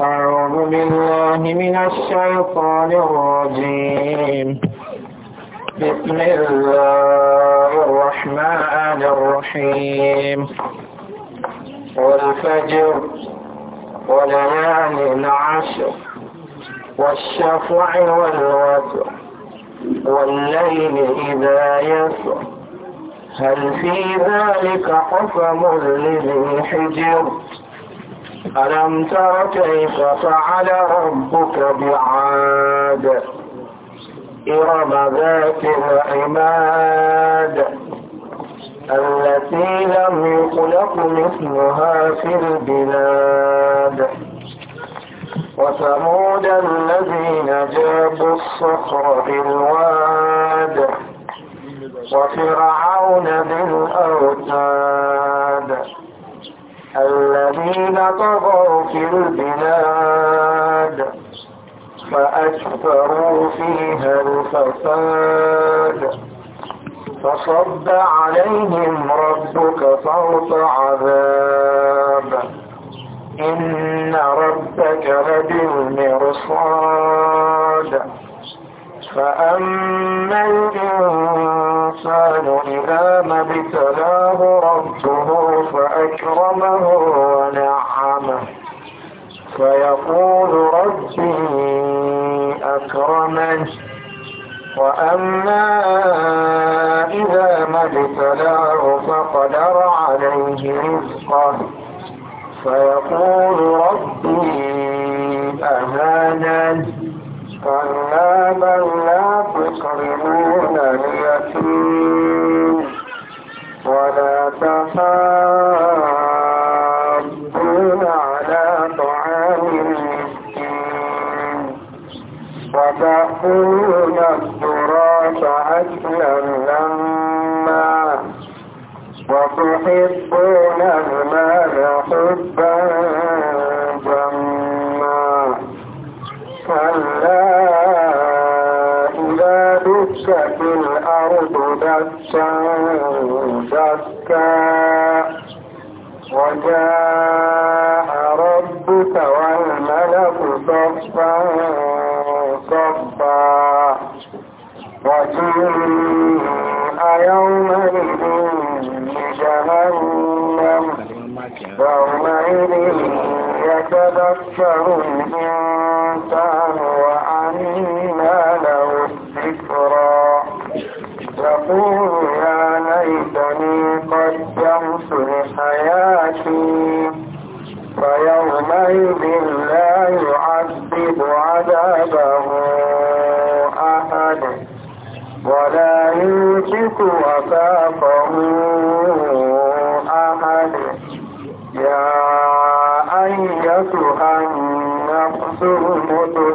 أعوذ بالله من الشيطان الرجيم بسم الله الرحمن الرحيم والفجر وليالي العشر والشفع والوتر والليل إذا يسر هل في ذلك قسم لذي حجر ألم تر كيف فعل ربك بعاد إرم ذات العماد التي لم يخلق مثلها في البلاد وثمود الذين جابوا الصخر بالواد وفرعون بالأوتاد الذين طغوا في البلاد فأكثروا فيها الفساد فصب عليهم ربك صوت عذاب إن ربك لبالمرصاد فأما الإنسان إذا ما ابتلاه ربه فأكرمه ونعمه فيقول ربي أكرمن وأما إذا ما ابتلاه فقدر عليه رزقه فيقول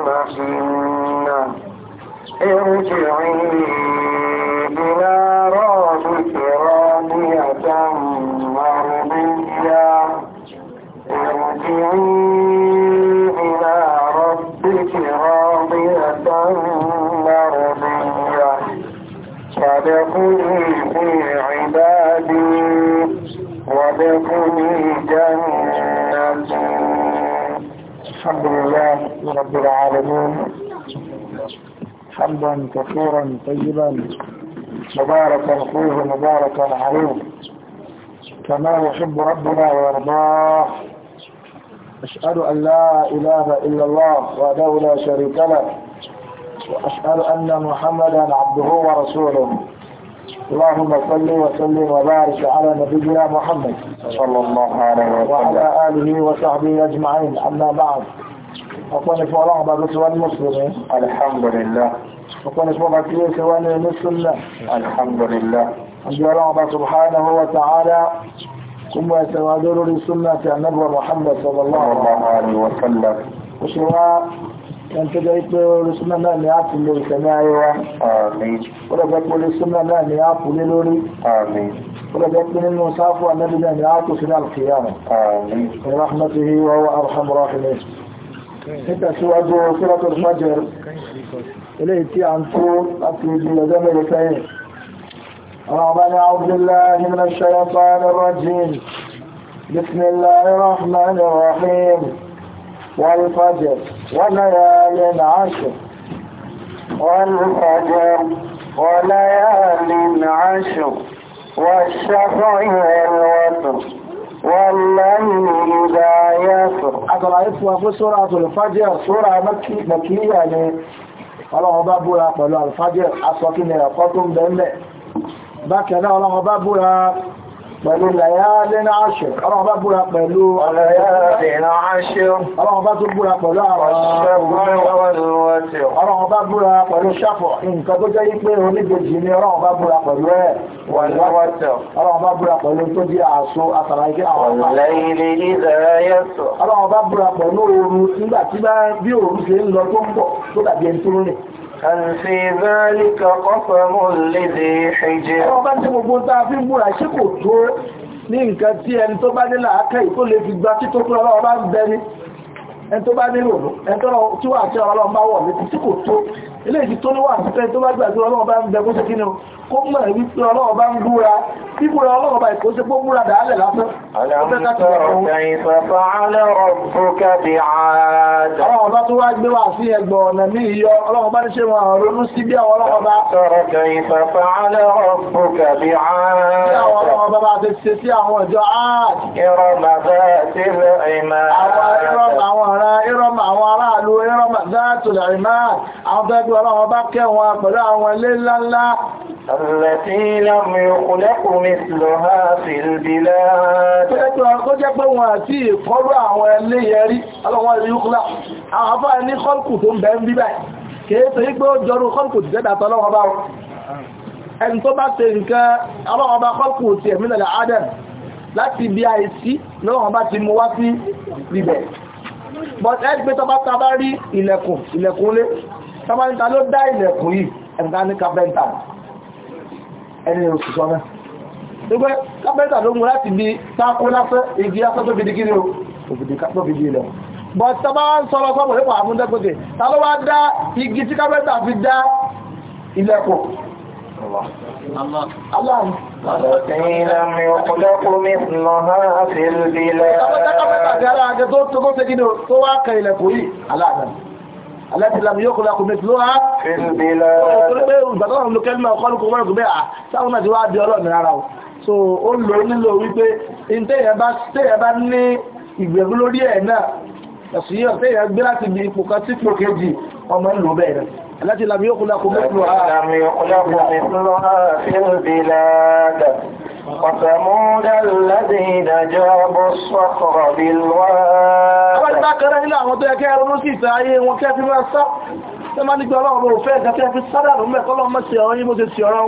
مكينة ارجعي حمدا كثيرا طيبا مباركا فيه مباركا عليه كما يحب ربنا ويرضاه أشهد أن لا إله إلا الله وحده لا شريك له وأشهد أن محمدا عبده ورسوله اللهم صل وسلم وبارك على نبينا محمد صلى الله عليه وسلم وعلى آله وصحبه أجمعين أما بعد ọ̀pọ̀ ni fún ọlọ́run bá tó ti wá ní mùsùlùmí alhamdulillah ọ̀pọ̀ ni fún ọba tí ó ti wá ní mùsùlùmí alhamdulillah ọjọ́ ọlọ́run bá subhanahu wa ta'ala kuma ya tawado lórí súnmà ti annabuwa muhammad sallallahu alaihi wa sallam ó ṣe wá yan tó jẹ́ pé orí súnmà náà ni a fi lè ìsẹ̀mí ayé wa ó lọ jẹ́ pé orí súnmà náà ni a fi lé lórí ó lọ jẹ́ pé nínú sáfù annabi náà ni a kò sí ní alkiyama rahmatuhi wa wa arhamur rahimin nítẹ̀síwájú sílọ́tọ̀ ìfàjẹ́ eléyìí tí a ń tó láti ibi ọjọ́ mẹ́rin sẹ́yìn àwọn ọba ní àwùjọ́lá nínú ṣayọ́pá lọ́rọ̀ jìn bismillahirrahmanirrahim والفجر وليال عشر والفجر وليال عشر والشفع والوتر والليل إذا يسر أترأيت وفي سورة الفجر سورة مكي مكية يعني ọlọ́run bá búra pẹ̀lú alfajir asọ́kí ni ẹ̀kọ́ tó ń bẹ̀ẹ́lẹ̀ bákẹ̀ náà ọlọ́run bá búra pẹ̀lú lẹ́yàálẹ́ náà ṣe ọlọ́run bá búra pẹ̀lú lẹ́yàálẹ́ náà ṣe ọlọ́run bá tó búra pẹ̀lú àwọn ọlọ́run bá búra pẹ̀lú ṣàfọ̀ nǹkan tó jẹ́ wípé oníbejì ni ọlọ́run bá búra pẹ̀lú ẹ̀ ọlọ́run bá búra pẹ̀lú tó jẹ́ àṣọ àtàràkẹ́ àwọn ọlọ́run bá búra pẹ̀lú òru nígbà tí bí òru ṣe ń هل في ذلك قسم لذي حجر ọba tí gbogbo ta fi múra ṣe kò tó ní nǹkan tí ẹni tó bá nílà ákẹ́ ìkó lè fi gba tító pé ọlọ́wọ́ bá ń bẹni ẹni tó bá nílò tí wà tí ọlọ́wọ́ wọ̀ létí tí kò tó ilé ìdí tó níwà kó mọ̀ wípé ọlọ́run bá ń búra tí búra ọlọ́run bá ìkó ṣe pé múra dàálẹ̀ lásán. ọlọ́run bá tó wá gbé wà sí ẹgbọ̀ ọ̀nà ní ìyọ ọlọ́run bá ní ṣe wọn àwọn ronú sí bí àwọn ọlọ́run bá. ọlọ́run bá ti ṣe sí àwọn ìjọ áàt. ìrọ̀mà záàtì lẹ́ẹ̀mà. àwọn ará ìrọ̀mà àwọn aráàlú ìrọ̀mà záàtì lẹ́ẹ̀mà. àwọn tó ẹgbẹ́ ọlọ́run bá kẹ́ wọn pẹ̀lú àwọn ilé ńláńlá التي لم يخلق مثلها في البلاد ẹ̀tọ́ àkọ́jẹ́ pé wọn àti ìkọrọ àwọn ẹlẹ́yẹrí ọlọ́wọ́n ìyúkúlá àwọn afá ẹni kọ́lùkù tó ń bẹ̀ ń bí báyìí kìí tó yígbé ó jọrù kọ́lùkù ti jẹ́dà tọ́lọ́wọ́ bá wọn ẹni tó bá ṣe nǹkan ọlọ́wọ́ bá kọ́lùkù ti ẹ̀mí lẹ̀lẹ̀ adam láti bí àìsí lọ́wọ́ bá ti mú wá sí ẹni oṣù sọ́nà gbogbo kápẹ́ntà ló mú láti bí tákó lásán igi lásán tó fi di kí ni o tó fi di ilẹ̀ but tọba ń sọ́rọ̀ sọ́mọ̀ nípa àmúndẹ́gbẹ̀dẹ̀ ta ló wá dá igi tí kápẹ́ntà fi dá ilẹ̀kùn Allah Ọ̀tẹ́lá mi ọ̀pọ̀lọpọ̀ mi التي لم يخلق مثلها في البلاد so ó lò nílò wípé téèyàn bá téèyàn bá ní ìgbẹ̀rún lórí ẹ̀ náà ẹ̀sùn yíò téèyàn gbé láti ibi ipò kan sípò kejì ọmọ ìlú bẹ́ẹ̀ التي لم يخلق مثلها لم يخلق مثلها في البلاد وثمود الذين جابوا الصخر بالواد وإذا قرأ إلى أحمد يا كير المسيس أيه وكيف ما الصف لما نقول الله أبو فيه كيف في الصلاة وما يقول الله مسيح ويمو تسيرا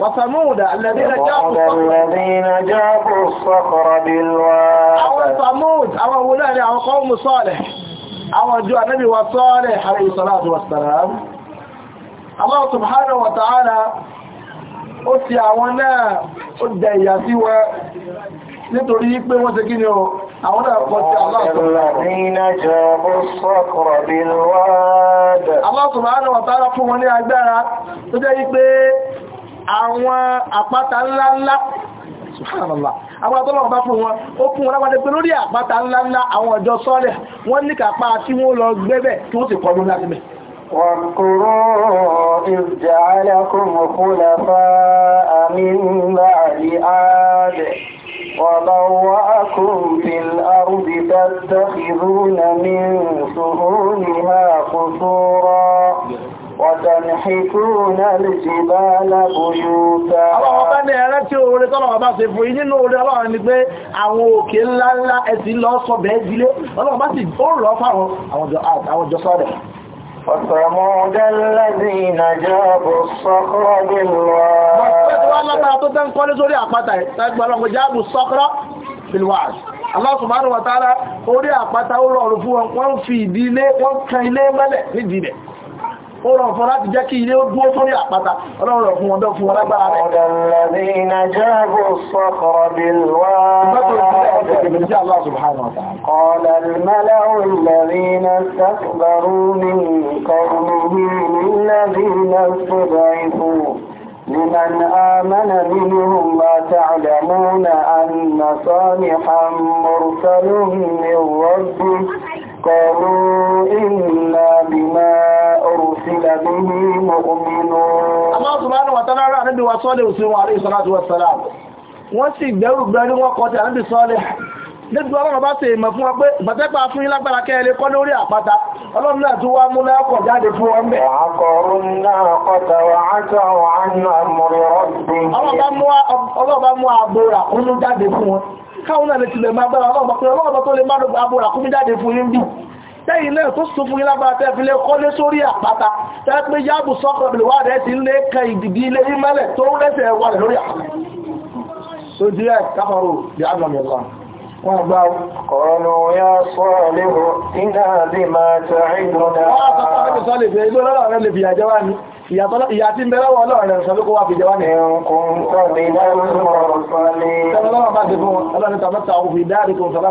وثمود الذين جابوا الذين جابوا الصخر بالواد أو ثمود أو أولاد أو قوم صالح àwọn ìjọ ànábì wa Salih alayhi salatu wassalam Allah subhanahu wa ta'ala ó ti àwọn náà ó dẹ ìyà sí wọn nítorí pé wọ́n ṣe kí ni o àwọn náà pọ̀ sí Allah subhanahu àwọn atọ́lọ́wọ́ bá fún wọn ó fún wọn lápàdé pé lórí àpáta ńláńlá àwọn ọjọ́ sọ́ọ̀lẹ̀ wọ́n ní kápá tí wọ́n lọ gbẹ́bẹ̀ tí wọ́n sì kọ́ lóńlá síbẹ̀ واذكروا إذ في الأرض تتخذون من سهولها قصورا Ọ̀tànìhìkúrúnà lè ṣe bá lábòyúta. Àwọn ọba ní ẹ̀rẹ́ tí oore tọ́lọ̀wọ̀ bá ṣe fún inú oore ọlọ́run ni pé àwọn òkè ńláńlá ẹ̀sìn lọ sọ bẹ̀ẹ́ dílé, ọlọ́run bá sì ó rọ̀ fáwọn àwọn jọ sọ́dẹ̀. وثمود الذين جابوا الصخر بالواد Allah subhanahu wa ta'ala orí àpáta ó rọrùn fún wọn wọ́n fi ìdílé ó rọrùn fún láti jẹ́ kí ilé ó dúró sórí àpáta ọlọ́run rọ̀ fún wọn bẹ́ẹ̀ fún wọn lágbára rẹ̀. ọ̀dọ̀lẹ́bìnà jáàbò الذين استكبروا من لمن آمن منهم ما تعلمون أن صالحا مرسل من ربه قالوا إنا بما أرسل به مؤمنون الله سبحانه وتعالى نبي وصالح وسلم عليه الصلاة والسلام wọ́n sì gbẹ́rù gbẹ́rù wọn kọjá níbi sọ́lẹ̀ nígbà ọlọ́run bá ṣe ìmọ̀ fún wọn pé bàtẹ́pà fún yín lágbára kẹ́ẹ̀lẹ́ kọ́ lórí àpáta ọlọ́run náà tún wá mú lẹ́ọ̀kọ̀ jáde fún wọn bẹ̀. àkọrún náà kọta wà tẹ́yìn náà tó sọ fún ilágbára tẹ́ fi lé kọ́lé sórí àpáta tẹ́ pé yáàbù sọ́kọ̀ bìlì wà rẹ̀ sí lé kan ìdìdí ilé ìmẹ́lẹ̀ tó rẹ́sẹ̀ wà rẹ̀ lórí àpáta tó jí ẹ̀ ọlọ́rẹ̀ ìṣẹ́lú wà fi jẹwà ní ẹ̀rùn-ún tó bí lọ́rùn sọ́rọ̀ sọ́lé tẹ́lọ́wọ́ bá ti fún ọlọ́rẹ̀ tàbátà òfin dáàrí kò sọ́lá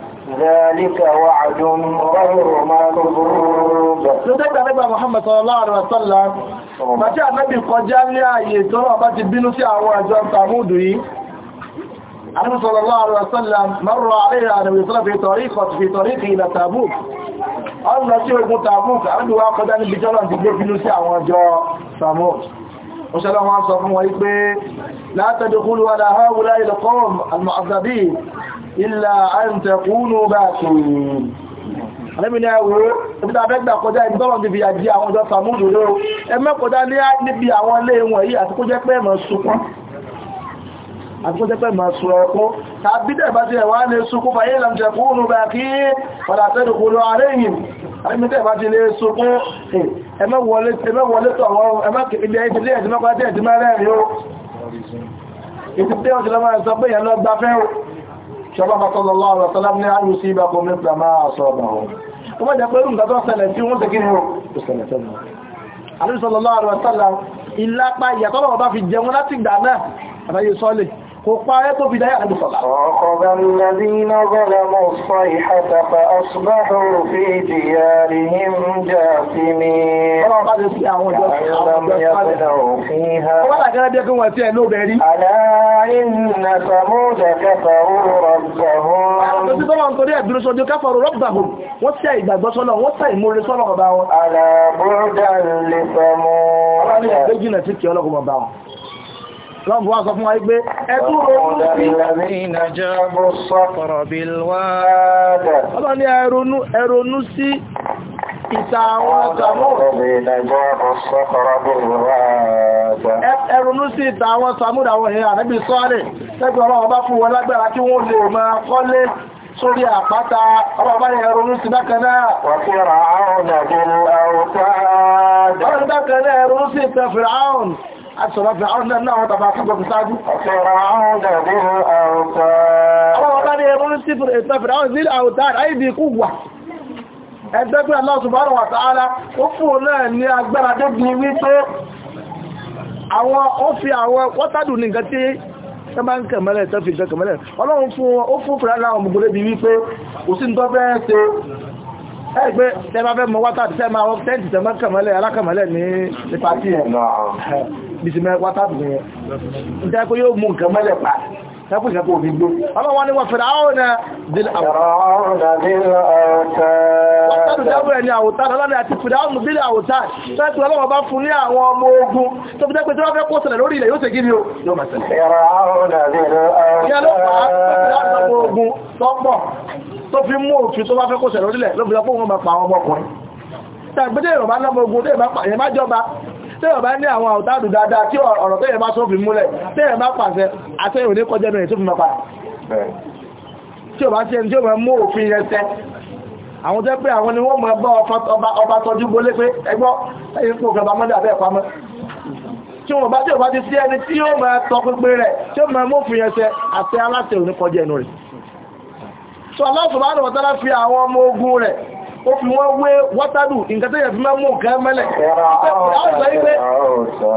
ذلك وعد غير مكذوب lọ́dọ́gbà nígbà Muhammad sallallahu alaihi wasallam bàtí ànábì kọjá ní ààyè tọ́rọ bá ti bínú sí àwọn àjọ tàmúdù yìí ànábì sallallahu alaihi wasallam marra alayhi ànábì sallallahu fi tariqat fi tariqi ila Tabuk ọ̀nà tí ogun Tabuk ànábì wá kọjá níbi jọ́lọ̀ ti gbé bínú sí àwọn àjọ tàmúdù وسلام على صفوان لا المعذبين ilẹ̀ àìntẹ̀kúnú bá tún àníbi ní ẹwọ́ ibi tàbí ẹgbà kọjá ibi tọ́lọ̀ níbi àjí àwọn ọjọ́ sàmúdù ló ẹmẹ́ kọjá níbi àwọn ilé wọn yìí àti kó jẹ́ pé mọ̀ sunkún àti kó jẹ́ pé mọ̀ sun ẹ̀kọ́ tàbí tẹ̀bá ti ẹ̀wà lè sunkún fàyè lẹ́mtẹ̀kúnú bá kí padà tẹ́lùkú lọ àárẹ̀yìn àníbi tẹ̀bá ti lè sunkún eh, ẹmẹ́ wọlé tọ̀ àwọn ẹmẹ́ ṣọlọ́pàá tọ́lọ́lọ́ ọ̀rọ̀ tọ́lá ní àrùn sí ibà kan mẹ́fà máa sọ ọ̀bà wọn ó mọ́ jẹ́ pé rùn tọ́tọ́ ṣẹlẹ̀ tí wọ́n tẹ́kí ní ó ṣẹlẹ̀ ọ̀rọ̀ kò parẹ́ tó fi dáyà àdúgbò sọ̀lá. ọ̀kọ̀bà nàbí nọ́gọ́lá mọ́ sọ ìhàtàkà ọ̀ṣùgbáhù fi jìyà rí him jà sí mi. ọlọ́run bá ti fi àwọn ọjọ́ lọ́n fún wa sọ fún wa pé ẹkú ronú sí ìta àwọn ẹrùnú sí ìta àwọn sàmúdà àwọn èèyàn àníbì sọ́ọ̀rẹ̀ tẹ́gbẹ̀ ọlọ́wọ́ bá fún wọn lágbára kí wọ́n lè máa kọ́lé sórí àpáta ọlọ́wọ́ bá yẹ ẹrùnú sí bákanáà wọ́n kí ra áhùn àṣọ̀rọ̀ fi àwọn náà wọ́n tàbí akẹ́gbẹ̀kù sáájú. Àwọn ọ̀rọ̀ ni ẹmọ́ sí fún ìtàfẹ́ra àwọn ìzílẹ̀ àwòtàrí àìbí kú wà. Ẹgbẹ́ pé Allah subhanahu wa ta'ala, ó fún náà ní agbára débi wípé àwọn ó fi àwọn wọ́tàdù ní nǹkan tí ẹ máa ń kẹ̀mẹ́lẹ̀ tẹ́ fi kẹ̀mẹ́lẹ̀. Ọlọ́run fún ó fún fún láwọn ọmọ gbogbo débi wípé kò sí nǹkan fẹ́ ṣe ẹgbẹ́ tẹ́ bá fẹ́ mọ wọ́tàdù tẹ́ máa tẹ́ǹtì tẹ́ máa kẹ̀mẹ́lẹ̀ alákẹ̀mẹ́lẹ̀ ní pàtí ẹ̀ bí ti mẹ́ wátàbù yẹn nítorí pé yóò mú nǹkan mẹ́lẹ̀ pa tẹ́kù ìṣẹ́kù òbí gbó ọlọ́wọ́n ni wọ́n fẹ̀rẹ̀ àwọn náà dìl tó fi mú òfin tó bá fẹ́ kó ṣẹlẹ̀ orílẹ̀ ló fi lọ ma pa ọmọkùnrin tàbí ìrọ̀bá lọ́mọ tó ìbá jọba tẹ́yọ̀ bá ní àwọn àwòdádù dáadáa tí ọ̀rọ̀ tẹ́yẹ̀ bá sọ́fin múlẹ̀ tẹ́yẹ̀ bá pàṣẹ àtẹ́yìn ní kọjẹ́ mẹ́rin tó fi mọ́pa tí ó bá tí ẹni tí ó mọ́ mú òfin yẹn tẹ́ àwọn tẹ́ pé àwọn ni wọ́n mọ́ ẹgbọ́ ọba tọ́jú gbólé pé ẹgbọ́ ẹ̀yìn pò kẹba mọ́dà bẹ́ẹ̀ ó fi wọ́n wé wọ́tàdù nǹkan tó yẹ fi máa mú nǹkan mẹ́lẹ̀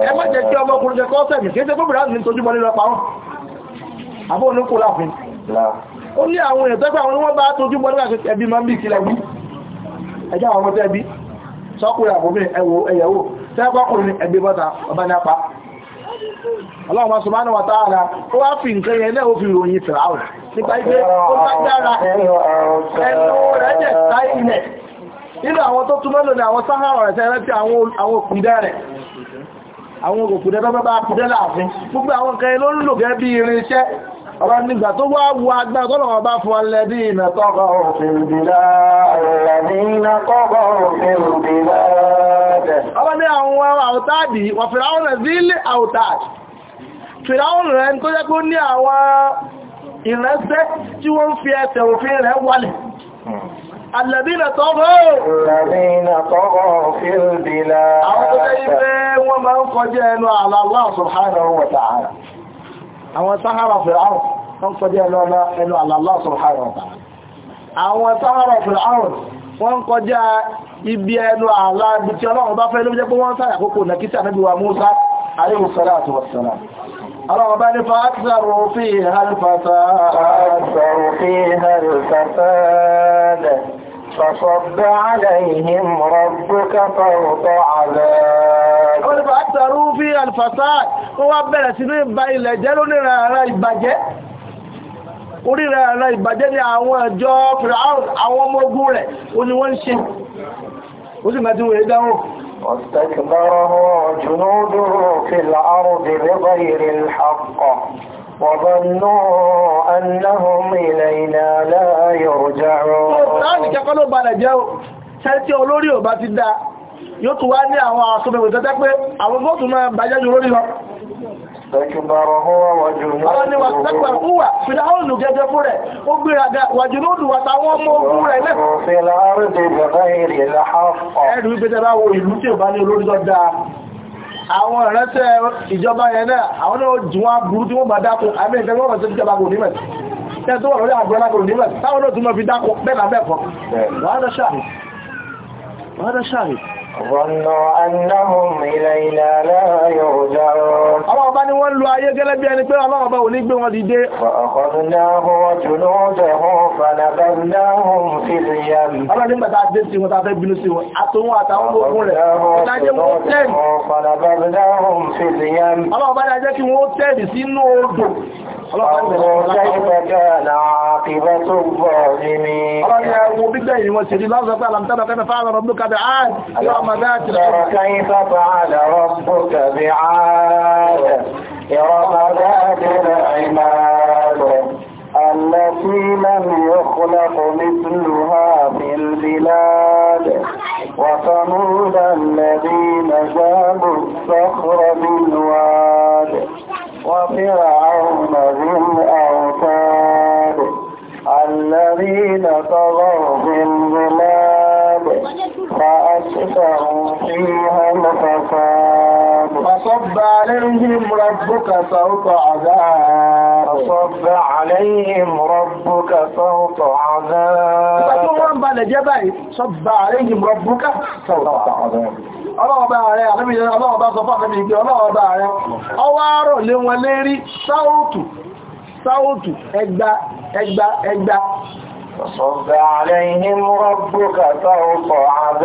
ẹ má jẹ́ kí ọmọkùnrin jẹ kọ́ọ̀sẹ̀ mi kéèsẹ́ gómìnà ní tójúmọ́ nílọ pàrún àbó oníkù láàfin ó ní àwọn èèyàn tẹ́fẹ́ àwọn oníwọ́n bá tójúmọ́ nígbà ẹbí máa ń bí ìkìlẹ̀ wí ẹjọ́ àwọn ọmọ tẹ́bí sọ́kùnrin àbòmí ẹwọ ẹyẹwò tẹ́ẹ̀kọ́kùnrin ẹgbẹ́ bọ́ta ọba ní apá ọlọ́run subhanahu wa ta'ala ó wá fi nǹkan yẹn náà ó fi ròyìn fìràwọ̀ nípa ipé ó bá dára ẹnu rẹ̀ jẹ̀ táì nínú àwọn tó túnmọ́ lónìí àwọn sáhàrà rẹ̀ tẹ́rẹ́ tí àwọn òkúdẹ́ rẹ̀ àwọn òkúdẹ́ tó bá kúdẹ́ láàfin gbogbo àwọn ló ń lò gẹ́ ọba nígbà tó wá wo agbára tó lọ́wọ́ bá fún alẹ́bí ìnà tọ́kọ̀ òfin bìlá alẹ́bí ìnà tọ́kọ̀ òfin bìlá ọba ní àwọn àwòtáàdì wọ́n fìràwọn rẹ̀ sílé àwòtáàdì fìràwọn rẹ̀ tó jẹ́ kó ní àwọn ìrẹsẹ́ fi ẹsẹ̀ òfin àwọn tó jẹ́ ìfẹ́ wọn máa ń kọjá ẹnu àlà Allah subhanahu wa ta'ala àwọn sáhárà fìràún wọ́n kọjá ẹnu Allah subhanahu wa ta'ala àwọn sáhárà fìràún wọ́n kọjá ibi ẹnu àlá ibi tí ọlọ́run bá fẹ́ ló jẹ́ pé wọ́n sáyà kókò nà kí sàmẹ́bí فصب عليهم ربك فوق عذاب wọ́n ti fà átàrú fi alifasa wọ́n wá bẹ̀rẹ̀ sí ní ìba ilẹ̀ jẹ́ lónìí ara ìbàjẹ́ oríra ara ìbàjẹ́ ní àwọn ẹjọ́ fìràún àwọn ọmọ ogun rẹ̀ ó ní wọ́n ń ṣe ó sì mẹ́tí wòye dáhùn وظنوا أنهم إلينا لا يرجعون Ṣẹ́tí olórí ò bá ti dáa, yóò tún wá ní àwọn àṣọ́bẹ̀wẹ̀ tẹ́tẹ́ pé àwọn góòtù máa bàjẹ́ jù lórí lọ àwọn ìrẹsẹ̀ ìjọba yẹn náà àwọn náà jùwọ́n burú tí wọ́n bá dákùn àmì ìfẹ́gbọ́n ọ̀rọ̀ tí ìjọba kò nímẹ̀ tẹ́ tó wà lórí àgbẹ̀lá kò nímẹ̀ táwọn náà tún mọ́ fi dákùn bẹ́ẹ̀ náà bẹ́ẹ̀ fọ́ ظنوا أنهم إلينا لا يرجعون àwọn ọba ni wọ́n lo ayé gẹ́lẹ́ bí ẹni pé ọlọ́run ọba ò ní gbé wọn dìde. dé sí wọn wọn àtòwọn àtàwọn ológun rẹ̀ ìdájẹ́ wọn tẹ́ẹ̀dì. فنبذناهم في اليم. ọlọ́run ọba ni a jẹ́ kí wọ́n tẹ́ẹ̀dì اللهم ذاكر كيف فعل ربك بعاد إرم ذات ربك صوت عذاب فصب عليهم ربك صوت عذاب فتوان بالجبل صب عليهم ربك صوت عذاب ọlọ́ọ̀bá rẹ̀ àmì ọlọ́ọ̀bá sọ fún àmì ìgbẹ̀ ọlọ́ọ̀bá rẹ̀ ọwọ́ àárọ̀ lé wọn lérí sáòtù sáòtù ẹgbà ẹgbà ẹgbà فصب عليهم ربك سوط عذاب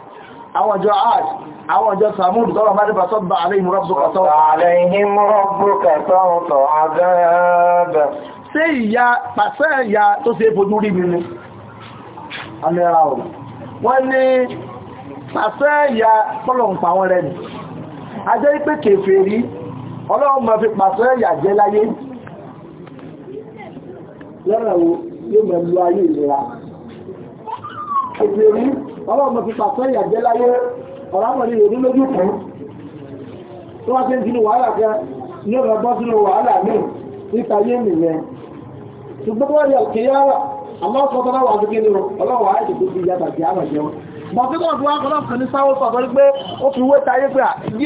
àwọn ọjọ́ art àwọn ọjọ́ samud tọ́rọ bá dípa sọ́bà aléhìn rọ́bùkọ̀tọ́ sí ìyá pàṣẹ ìyá tó ṣe fojú rí mi ní àmìra ọ̀rọ̀ wọ́n ní pàṣẹ ìyá pọ́lọ̀ǹpà wọn rẹ̀ ní ajẹ́ ipé kèfèrí ọlọ́run mọ̀ fi pàṣẹ ìyà jẹ́ láyé lọ́rọ̀ yóò mọ̀ ayé ìlera òjò rí ọlọ́mọ ti pàṣẹ ìyàjẹ́ láyé ọ̀làmọ̀lẹ́ ìrònú lójú kan tó wá sí ń sínú wàhálà kan ní ọ̀rọ̀ bọ́ sínú wàhálà míì níta yé nìyẹn ṣùgbọ́n tó wá yẹ kéyà àwọn ọkọ̀ tó náà wà lókè nínú ọlọ́wọ̀ àìsè tó ti yàtà sí àmà jẹun mọ̀ tí wọ́n fi wá kọ́lọ́ kan ní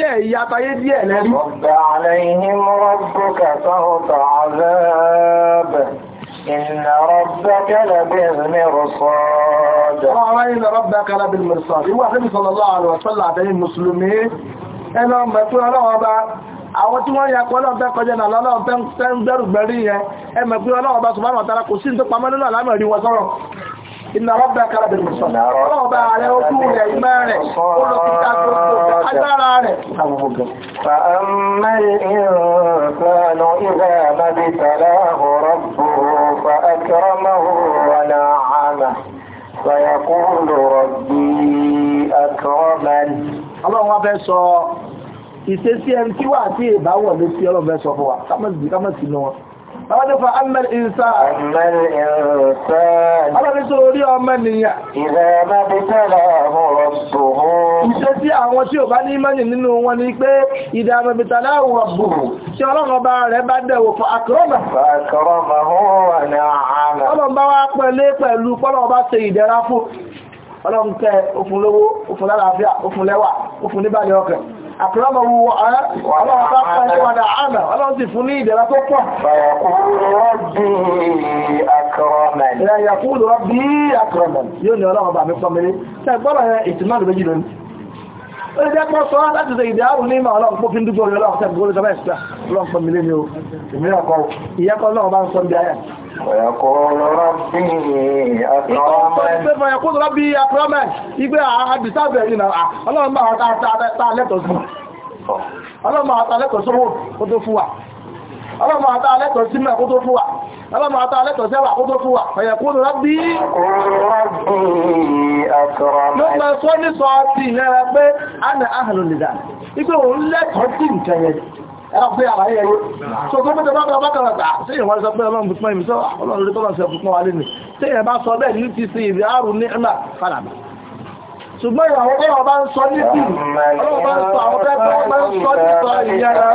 إن ربك لبالمرصاد وعين ربك لبالمرصاد هو حبيب صلى الله عليه وسلم عليه المسلمين ẹnà ọmọ ẹ̀tún ọlọ́wọ́ bá àwọn tí wọ́n yàkọ́ ọlọ́wọ́ tẹ́ kọjá náà lọ́wọ́ tẹ́ ń dẹ́rù gbẹ̀rí yẹn ẹmẹ̀ ọlọ́wọ́ bá sùmọ́nà tààrà kò sí ní tó pamọ́ nínú àlámẹ̀rí wọn sọ́rọ̀ iná rọ́bà kára bẹ̀rẹ̀ sọ ọlọ́ọ̀bà rẹ̀ ojú rẹ̀ ìmọ̀ rẹ̀ olùkíta gbogbo agbára rẹ̀ Ọlọ́run wá fẹ́ sọ ìṣesí ẹni tí wà tí ìbáwọ̀ lé sí ọlọ́run fẹ́ sọ fún Àwọn nípa Amal Insa. Amal Insa. Alábi tó orí ọmọ nìyàn. Ìrẹ̀ máa bí tẹ́lẹ̀ ọmọ ọ̀bùhù. Ìṣẹ́ tí àwọn tí ò bá ní mẹ́ni nínú wọn ni pé ìdàmọ̀ bí tẹ́lẹ̀ Tí ọlọ́run ọba rẹ̀ bá dẹ̀wò fún akọrọ̀mà. Ọlọ́run bá wá pẹ̀lẹ́ pẹ̀lú pọ́lọ̀ ọba ṣe ìdẹ̀ra fún. Ọlọ́run tẹ́ òfun lówó, òfun lálàáfíà, òfun lẹ́wà, òfun níbàlẹ̀ ọkàn àkìlábọ̀wò aláwọ̀dá pẹ̀lúwàdà àmà aláwọ̀dí fún ní ìdẹ̀ra tó pọ̀. Fàyàkúrò rọ́bí àkọ̀rọ̀mẹ̀. Yóò ní ọlọ́wọ̀ bà mí pọ̀ mẹ́rin. Tẹ́ gbọ́rọ̀ ẹ̀ ìtìmáàlù méjì lónìí ó lè jẹ́ pọ́ sọ láti ṣe ìdáàbò ní ìmọ̀ ọlọ́run pọ́ fi ń dúgbò orí ọlọ́run tẹ́ gbogbo ìjọba ìṣẹ́ ọlọ́run pọ̀ mílé ni o èmi náà kọ́ ìyẹ́kọ́ ọlọ́run bá ń sọ bí ayà Fọ̀yàkó lọ́bí akọ́mẹ́ ìgbé àdìsáàbẹ̀ ìrìnà ọlọ́run máa ta lẹ́tọ̀ọ́ sí. Ọlọ́run máa ta lẹ́tọ̀ọ́ sí mẹ́ kó tó fún wa ọlọ́mọ àtà alẹ́tọ̀ sí àwọn àkótó fún wa fẹ̀yẹ̀kúrò rábí ló máa sọ ní sọ ti ìlera pé a nà áhàlù nìdá ipé pé àlàyé ẹ̀yẹ so tó mẹ́ta bá bá kàrà tà sí ìwọ́n sọ pé ọlọ́run fún ẹ̀mí sọ ọlọ́run lè tọ́lọ̀ sí ọkùnkùn ṣùgbọ́n ìyàwó ọlọ́wọ́ bá ń sọ ní sí ọlọ́wọ́ bá ń sọ àwọn ọ̀pẹ́ bá ń sọ ní sọ ìyára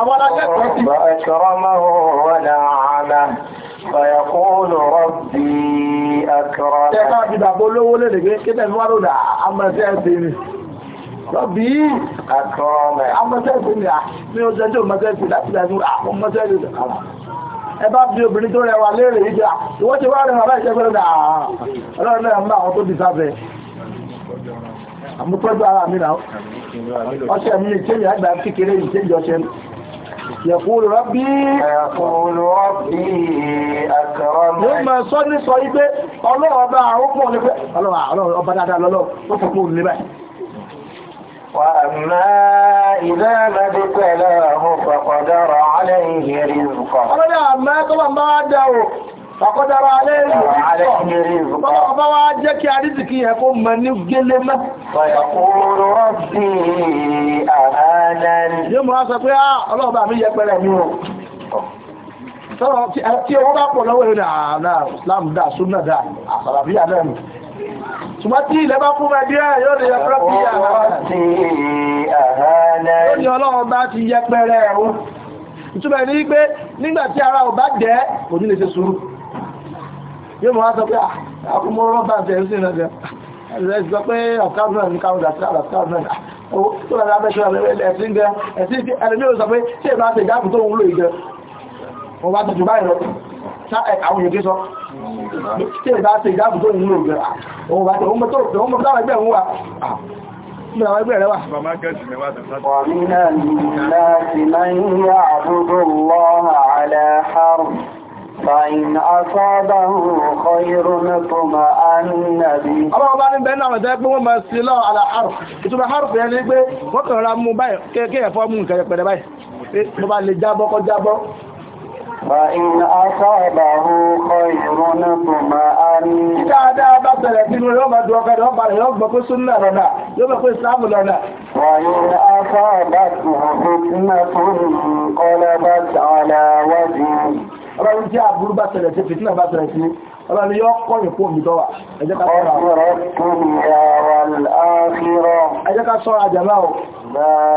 àwọn akẹ́kọ̀ọ́ sí. Fàyàkóòlù rọ́bì akọ̀rọ̀. Ṣé ká fi dàbò lówó lè dègbé kéde ní wàrò dà amọ̀sẹ́ ẹ̀sìn ni? Rọ́bì akọ̀rọ̀ mẹ́. Amọ̀sẹ́ ẹ̀sìn ni à ní oṣù ẹjọ́ mọ̀sẹ́ ẹ̀sìn láti dàbò àwọn mọ̀sẹ́ ẹ̀sìn kàrà. Ẹ bá fi obìnrin tó rẹwà léèrè yìí dà. Ìwọ́n ti wá rẹwà báyìí ṣẹ́gbẹ́rẹ́ dà. Ọlọ́run náà ń bá àwọn tó dì sábẹ́ àmútọ́jú ara mi náà ọṣẹ mi ìkéyìí àgbà kékeré ìkéyìí ọṣẹ mi yẹ̀kúrò rọ́bí akọ̀rọ̀mù ní ma sọ ní sọ ipé ọlọ́ọ̀bá àwọn pọ̀ ní pé ọlọ́ọ̀bá dáadáa lọ́lọ́ ó fún pọ̀ nílẹ̀ Wa amma idha Fàkọ́dára alẹ́ ìlú ọ̀pọ̀ wá jẹ́ kí àrísìkí yẹn mọ̀ ní gẹ́lé mẹ́. Fàyàkóró mi tí owó bá pọ̀ lọ́wọ́ ìrìn ah, àná Islam na. fún mẹ́ díẹ̀ na lè Ó ní ọlọ́run bá ti ní pé ara ò bá jẹ́, kò ní lè ṣe yóò mọ̀ wá sọ pé àkúmọ́ ah, rọ́bà tẹ̀ ń sìn náà ẹ̀sìn sọ pé ọ̀kadùnà ní káwọn dàtíkàlà ọ̀kadùnà tó rẹ̀ abẹ́ṣọ́ ẹ̀sìn gẹ́ ẹ̀sìn tí ẹ̀rẹ̀mí ò sọ pé tí ìbá ti dáàbù tó wúlò ìgẹ́ wọ́n bá tọ́jú báyìí lọ àwọn èdè sọ tí ìbá ti dáàbù tó wúlò ìgẹ́ wọ́n bá tọ́jú báyìí lọ من الناس من يعبد الله على حرب فإن أصابه خير اطمأن به ọlọ́wọ́ bá ní bẹ́ẹ̀nà àwọn ìtẹ́ pé wọ́n máa sí lọ́wọ́ aláàrùn ìtumọ̀ harf yẹn ni pé wọ́n kàn rà mú báyìí kéèkéè fọ́ mú nǹkan pẹ̀lẹ̀ báyìí tó bá lè jábọ́ kọ́ jábọ́ فإن أصابه خير اطمأن dáadáa bá bẹ̀rẹ̀ sínú yóò máa dùn ọkọ̀ yóò bàrẹ̀ yóò gbọ́ pé súnmọ̀ lọ́nà yóò gbọ́ pé ìsìláàmù lọ́nà. وإن أصابته فتنة انقلبت على وجهه ọlọ́run tí àbúrú bá ṣẹlẹ̀ sí fìtínà bá ṣẹlẹ̀ sí ọlọ́run yóò kọ́yìn fún omi tọ́wà ẹjẹ́ ká sọ́ra àjàmá o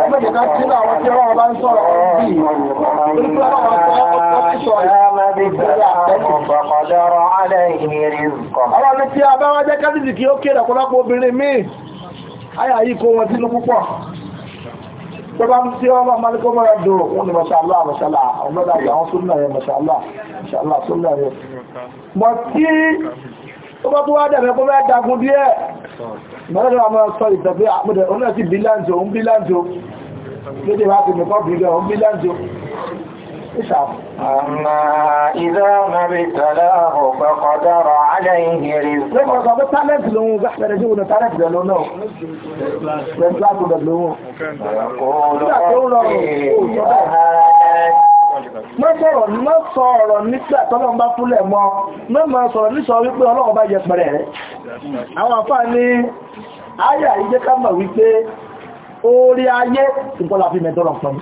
ẹgbẹ́ ká tí láwọn tí ọlọ́run bá ń sọ̀rọ̀ bí ọlọ́run tọ́ba ń tí ọmọ malikọ́ mọ́ra dùn wọn ni mashallah mashallah àwọn mẹ́ta àti àwọn súnmọ̀ rẹ̀ mashallah mashallah súnmọ̀ rẹ̀ mọ̀ tí ó bá tó wá dẹ̀rẹ̀ kó mẹ́ dagun díẹ̀ mẹ́rin àwọn sọ ìtẹ̀fẹ́ ah, àpẹẹrẹ أما إذا ما ابتلاه فقدر عليه رزقه lọ́kọ̀ sọ pé talent lòun gbàgbé rẹ̀ díwò ní talent rẹ̀ lónà lẹ́gbàgbé rẹ̀ lòun nígbà tó ń rọrùn mọ́ sọ̀rọ̀ mọ́ sọ̀rọ̀ nígbà tọ́lọ́n bá fúnlẹ̀ mọ́ mọ́ mọ́ sọ̀rọ̀ nísọ wípé ọlọ́run bá jẹ pẹ̀rẹ̀ rẹ̀ àwọn àfáà ní ayà ìjẹ́ká mọ̀ wípé orí ayé ìpọ́lá fi mẹ́tọ́rọ̀ pẹ̀lú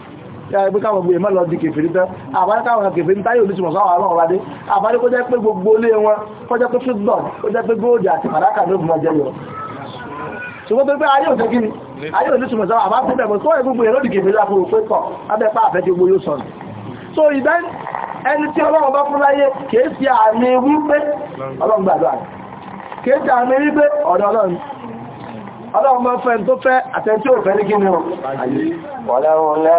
pé káwọn gbogbo ìmọ̀lọ́ e di kèfèrí tán àbárí káwọn kèfèrí táyé olùsùmọ̀ sáwọn àwọn ọ̀rọ̀ adé àbárí kó jẹ́ pé gbogbo ilé wọn kó jẹ́ pé fúdọ̀ kó jẹ́ pé góòdì àti màdákà ló mọ̀ jẹyọ ṣùgbọ́n tó pé ayé òṣè kí ni ayé olùsùmọ̀ sáwọn àbá fún ẹ̀mọ̀ tó wọ́n gbogbo ìrọ́dì kèfèrí láfúrò pé tọ̀ abẹ́pá àfẹ́ ti so ìdá ẹni tí ọlọ́run bá fún láyé kèé sí àmì wípé ọlọ́run gbàdúrà kèé sí àmì ọlọ́run máa fẹ́ tó fẹ́ àtẹ́ntí ò fẹ́ ní kí ni ó wọ́láwọ́lá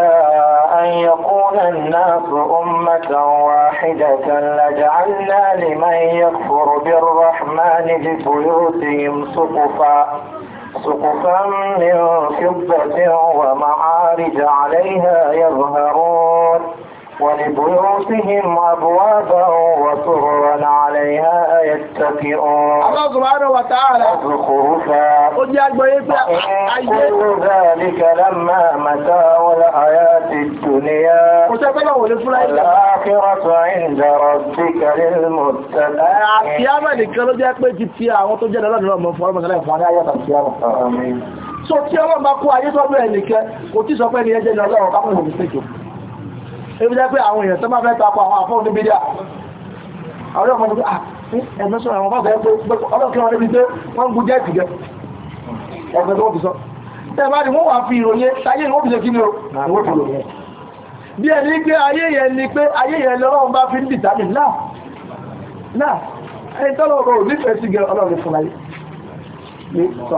ayyakúnà náà ọmọta wà hìdàtàn lájàánà lè máa yẹ fòrò bí rahmani bí bóyó ti yìm sókòfà سقفا من فضة ومعارج عليها يظهرون ولبيوتهم أبوابا وسررا عليها يتكئون الله سبحانه وتعالى الخوفا كل ذلك لما متاع الحياة الدنيا والآخرة عند ربك للمتقين Àkíyàmà nìkan ló jẹ́ pé ti ti àwọn tó jẹ́ lọ́dún ọmọ fún ọmọ ìsànlẹ̀ ìfún aláyàtà sí ọmọ. So tí ọmọ bá kó ayé sọ́bẹ̀ ẹnìkan, kò tí sọ pé ní ẹjẹ́ ni ọlọ́run kápùn òmìsẹ́kì ebi jẹ́ pé àwọn èèyàn tó máa fẹ́ tapọ̀ àwọn àfọ́ oníbídíà ah, àwọn ọmọ níbi ẹ̀mí sọ̀rọ̀ àwọn fáfẹ́ ọlọ́kẹ́ wọn níbi pé wọ́n ń gun jẹ́ ìtìgẹ́ ẹgbẹ́ tó wọ́n ti sọ tẹ́ bá ní wọ́n wà fi ìròyìn ayé ni wọ́n fi ṣe kí ni o wọ́n fi ròyìn bí ẹni pé ayé yẹn ni pé ayé yẹn lọ́wọ́ bá fi ń dìtàmì náà náà ẹni tọ́lọ́ ọ̀rọ̀ nífẹ̀ẹ́ sí gẹ ọlọ́run fún ayé ní sọ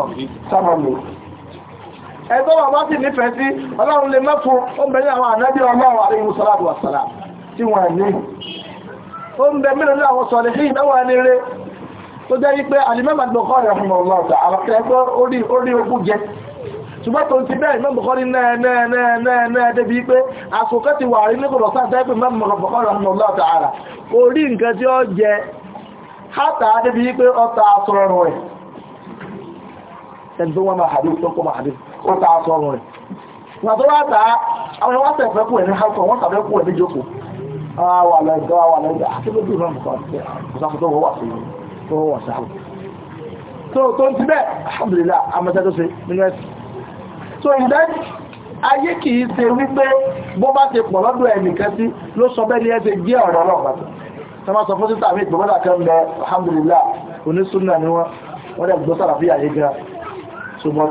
sábà mi ẹgbẹ́ wọn bá sì nífẹ̀ẹ́ sí ọlọ́run lè mẹ́fún ó ń bẹ ní àwọn ànábí ọlọ́run àríwú sọ́láàdù àsàlá tí wọ́n ní ó ń bẹ mélòó ní àwọn sọ̀rọ̀ sí ìnáwó ẹni rẹ tó jẹ́ wípé wọ́n ta aṣọ ọrùn rẹ̀ ìgbà tó wá ta àwọn wọ́n tẹ̀fẹ́ kù ẹ̀ ní halkọ̀ wọ́n tàbí kù ẹ̀ ní jókòó àwọn àlẹ́gbẹ́ àwọn àlẹ́gbẹ́ àti lójú ìrọ̀ alhamdulillah amẹ́sẹ́ tó so ìdá ayé kìí ṣe wípé bó bá ti pọ̀ lọ́dọ̀ ẹnìkan sí ló sọ bẹ́ẹ̀ ni ẹ ṣe jẹ́ alhamdulillah onísúnà ni wọ́n wọ́n dẹ̀ gbọ́sára bí àyè gan ṣùgbọ́n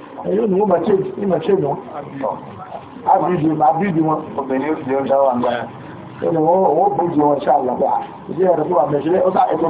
ẹ̀yọ́ ni wọ́n máa ṣe ní máa ṣe wọn abíjì abíjì wọn obìnrin ó fi ọjọ́ wà ń gbáyà ẹni wọ́n owó bójú wọn ṣe àlọ́gbà ìdí ẹ̀rọ tó wà mẹ́ṣẹ́lẹ́ ọ̀tá ẹ̀kọ́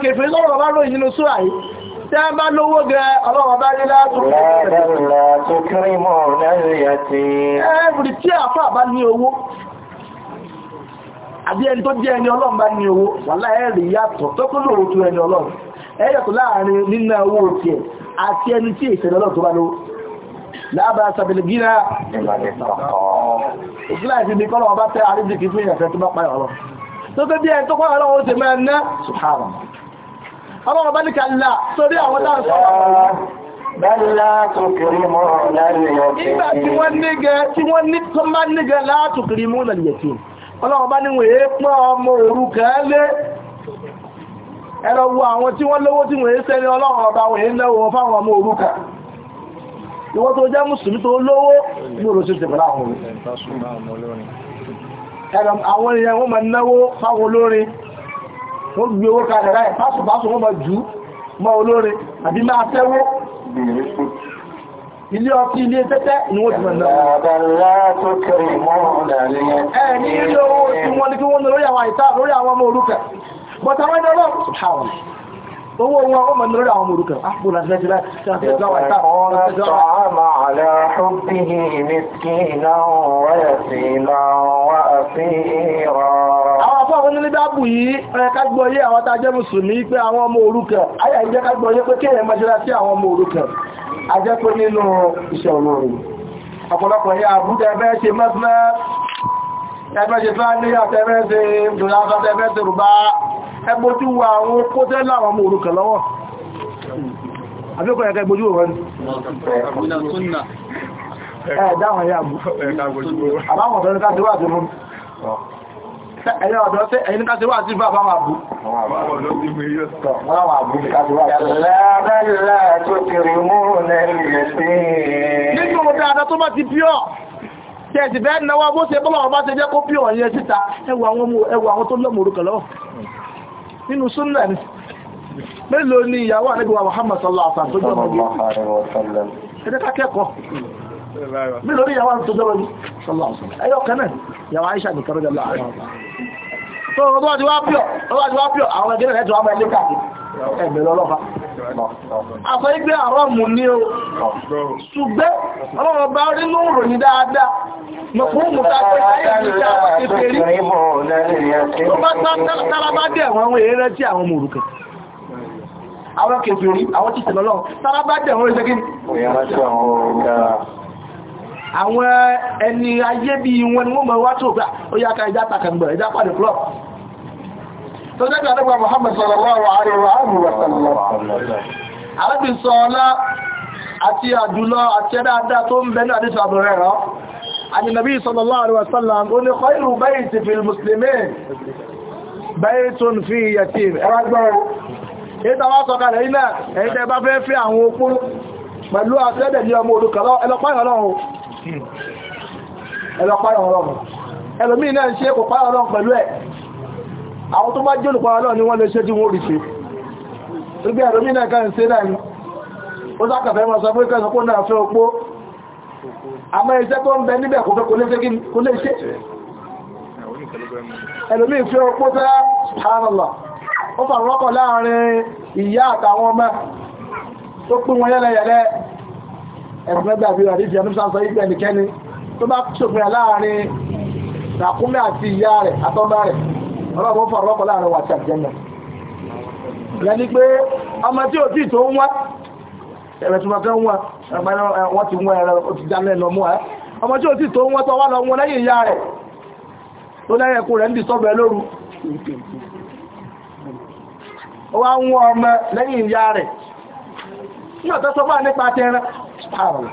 kèfèé lọ́rọ̀ bá ròyìn nínú súrà yìí tí a bá lówó gẹ ọlọ́wọ́ bá ní látọ̀rọ̀ ẹ̀yẹ̀kù láàrin nínú owó òkè àti ẹni tí ìṣẹ̀lẹ̀ kọ́lọ̀ ọba tẹ́ àrídìkì fún ìyẹ̀fẹ́ tó bá páyọ̀ ọlọ́run tó tó bí ẹ̀ tó páyọ̀ ọlọ́run ó ti mẹ́ ẹ̀ ná àwọn ọba ní kàlá sórí àwọn dáńsọ́ Bẹ́lá tó kiri mọ́ lálẹ́ yẹ̀tì. Nígbà tí wọ́n nígẹ̀ tí wọ́n ní tó máa nígẹ̀ látò kiri mọ́ lálẹ́ yẹ̀tì. Ọlọ́run bá níwọ̀n èé pọ́ ọmọ òrukàn lé. Ẹ̀rọ wo àwọn tí wọ́n lówó tí wọ́n èé sẹ́ni ọlọ́run ọba wọ̀nyí lẹ́wọ̀ fáwọn ọmọ òrukàn wọ́n gbé owó kalẹ̀ láì pásùpásù wọ́n mọ̀ jù mọ́ olórin àbí máa tẹ́wó ilé ọtí ilé tẹ́tẹ́ ni wọ́n ti mọ̀ náà ẹ̀ ní ilé owó tí wọ́n ní kí wọ́n lórí àwọn àìsá lórí àwọn ọmọ orúkẹ̀ owó wọn ó mọ̀ lórí àwọn òrukàn ah, ápùlà fẹ́sílẹ̀ àwọn afọ́ àwọn onílé dábù yìí ẹ̀kágbọ́yé àwọn tàjẹ́ mùsùlùmí pé àwọn ọmọ òrukàn ayà ìjẹ́ kágbọ́yé pé kéèyàn mẹ́ṣẹ́lá sí àwọn ọmọ òrukàn ajẹ́ nínú iṣẹ́ olórin ọ̀pọ̀lọpọ̀ yà àbúdẹ ẹgbójú wa àwọn kótẹ́ láwọn ọmọ òrukàn lọ́wọ́ àbíkọ̀ ẹ̀kẹ́ ìgbójú wọn ẹ̀dáwọn ya bú àbáwọn ọ̀dọ́ ní káṣíwá àti fún ẹ̀yẹ ọ̀dọ́ sí ẹ̀yìn káṣíwá àti fún àbáwọn àbú nínú dáadáa tó bá ti píọ̀ tẹ̀sì bẹ́ẹ̀ náwà bó ṣe bọ́lọ̀ ọba ṣe jẹ́ kó píọ̀ yẹ síta ẹwà àwọn tó lọ́mọ̀ orúkọ̀ lọ́wọ́ nínú súnnà ní mélòó ni ìyàwó àrẹ́gbẹ̀wà Muhammad sallallahu alaihi wasallam ẹ̀dẹ́ká kẹ́kọ̀ọ́ mélòó ni ìyàwó àtọ́jọ́ lọ́gbọ́n sallallahu alaihi wasallam ẹ̀yọ́ kanáà ìyàwó Aisha nìkan rẹ̀ láàrin tó ọdún wá pìọ̀ àwọn ẹgbẹ̀rẹ̀ ẹjọ́ àmọ́ ẹgbẹ̀rẹ̀ àfẹ́ ìgbé àrọ́mù ní o ṣùgbẹ́ ọlọ́rọ̀ bá rí ló ń ròyìn dáadáa mọ̀kún mọ̀ta pé ayé ìjá ìfèrí tó bá tára bá dẹ̀ àwọn kèfèrí àwọn títẹ̀ lọ́lọ́ tára bá ìṣẹ́gí àwọn ẹni ayé bí wọn ni wọ́n mọ̀ wá tó gbà ó yá ká ìjá takàgbọ̀ ìjá pàdé club tó jẹ́ àdẹ́gbà Muhammad sallallahu alaihi wa sallam arábìn sọ ọlá àti àjùlọ àti ẹ̀dáadá tó ń bẹ ní àdísọ àbúrẹ́ rọ àjìnàbí sallallahu alaihi wa sallam ó ní khairu bayti fil muslimin baytun fi yatim ẹwàgbọ́rọ̀ ìta ń ṣe kò àwọn tó bá jẹ́ olùpàá náà ni wọ́n lè ṣe tí wọ́n rí ṣe gbogbo ẹ̀rọ mínà kan ṣe náà ni ó sákàfẹ́ mọ́ sọ pé kẹsàn kó náà fẹ́ opó àmọ́ iṣẹ́ tó ń bẹ níbẹ̀ kò fẹ́ kò lè ṣe ẹlòmí fẹ́ opó tẹ́ subhanallah ó fà rọ́kọ̀ láàrin ìyá àtàwọn ọmọ tó pín wọn yẹ́lẹ̀yẹ̀lẹ́ ẹ̀rùmẹ́gbà bí wà níbi àdúgbà ọlọ́run fún láàrin wà sí yẹn ni pé ọmọ tí ò tí tó ń wá ẹ̀rẹ̀ tí wọ́n fẹ́ ń wá wọ́n ti wọ́n ti já lẹ́nu ọmọ ẹ̀ ọmọ tí ò tí tó ń wọ́n tó wá lọ lẹ́yìn ìyá rẹ̀ tó lẹ́yìn rẹ̀ ń wọ́n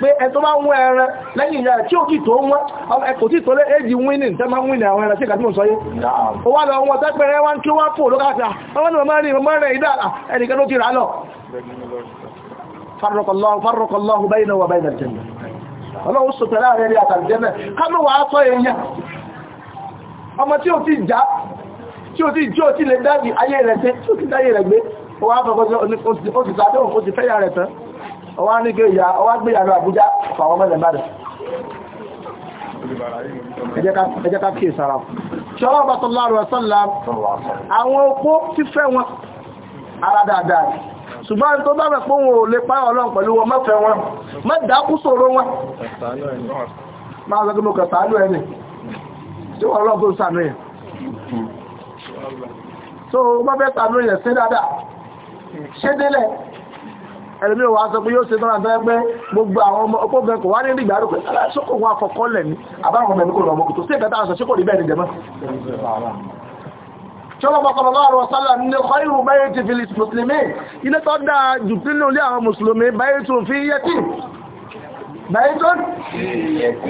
pé ẹ tó bá wọ́n ẹran lẹ́yìn ìyá tí ó kì tó wọ́n ẹkò tí tó lé èjì wíní tẹ́ máa wíní àwọn ẹran tí ìkàtí mò ń sọ yé ó wá lọ wọn tẹ́pẹ̀rẹ́ wá ń kí wá fò lókàtà wọ́n ni mọ́rin mọ́rin ìdá ẹnìkan ló ti rà lọ farrọ̀kọ̀lọ́hù bẹ́ẹ̀nà wà bẹ́ẹ̀nà jẹ́nà ọlọ́run sọ pẹ̀lá rẹ̀ rí àtàjẹ́nà kámọ́wà á sọ èèyàn ọmọ tí ó ti já tí ó ọwá ní kí ìyá ọwá gbé ìyá lọ Àbújá fàwọn mẹ́lẹ̀ Ìbàdàn ẹjẹ́ ká kí ìsára ṣọ́lá ọba sọ́lá rẹ̀ sọ́lá àwọn opó fífẹ́ wọn ara dáadáa ṣùgbọ́n tó bá rẹ̀ pé wọn ò lè pa Ọlọ́run pẹ̀lú wọn mọ́fẹ́ wọn má dákú sọ̀rọ̀ wọn máa lọ́gbọ́n mo kẹta ẹni tí wọ́n lọ́gbọ́ sànú yẹn so wọ́n fẹ́ sànú yẹn sí dáadáa ṣé ẹlẹ́mí wa sọ pé yóò ṣe tọ́ra tẹ́ pé gbogbo àwọn ọmọ ọkọ̀ọ̀gẹ́ kò wá ní ìgbà rẹ̀ pẹ̀lú ṣókò wọn àkọ́kọ́ lẹ̀ ní àbáwọn ọmọ ẹ̀mí ọmọ kòtò sí ìkẹta àṣọ ṣókò rí bẹ́ẹ̀ ni jẹmọ́ ṣọ́lọ́pọ̀ kọlọ̀lọ́ àrùn ọ̀sálà ní ọkọ̀ ìrù báyé ti fi mùsùlùmí ilé tó dáa jù nínú ilé àwọn mùsùlùmí báyé tó fi yẹ tí báyé tó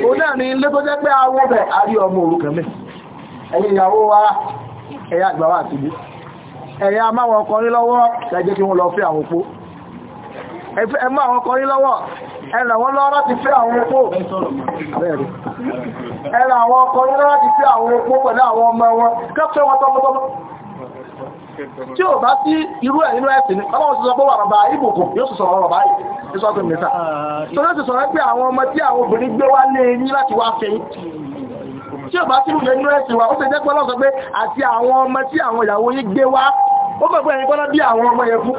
ó náà ní ilé tó jẹ́ pé awó bẹ̀ àrí ọmọ òrukàn mi ẹ̀yìn ìyàwó wa ẹ̀yà àgbàwà àti ibi ẹ̀yà máwọn ọkọ̀ rí lọ́wọ́ ẹ̀jẹ́ kí wọ́n lọ fẹ́ àwọn opó ẹ mọ́ àwọn ọkọ̀ yí lọ́wọ́ ẹ̀nà wọn lọ́wọ́ láti fẹ́ àwọn opó ẹ̀nà àwọn ọkọ̀ yí lọ́wọ́ láti fẹ́ àwọn opó pẹ̀lú àwọn ọmọ wọn kẹ́fẹ́ wọn tọmọtọmọ tí ò bá sí irú ẹ̀ nínú ẹ̀sìn ní ọlọ́wọ́ sọ pé wàrọ̀bà ìbùkún yóò sì sọ̀rọ̀ ọ̀rọ̀bà ìsọ́tún mẹ́ta tó lọ́sì sọ̀rọ̀ pé àwọn ọmọ tí àwọn obìnrin gbé wá lé ní láti wá fẹ́ tí ò bá sí irú nínú ẹ̀sìn wa ó sì jẹ́ pé ọlọ́sọ pé àti àwọn ọmọ tí àwọn ìyàwó yìí gbé wá ó mọ̀ pé ẹ̀yin gbọ́dọ̀ bí àwọn ọmọ yẹn fún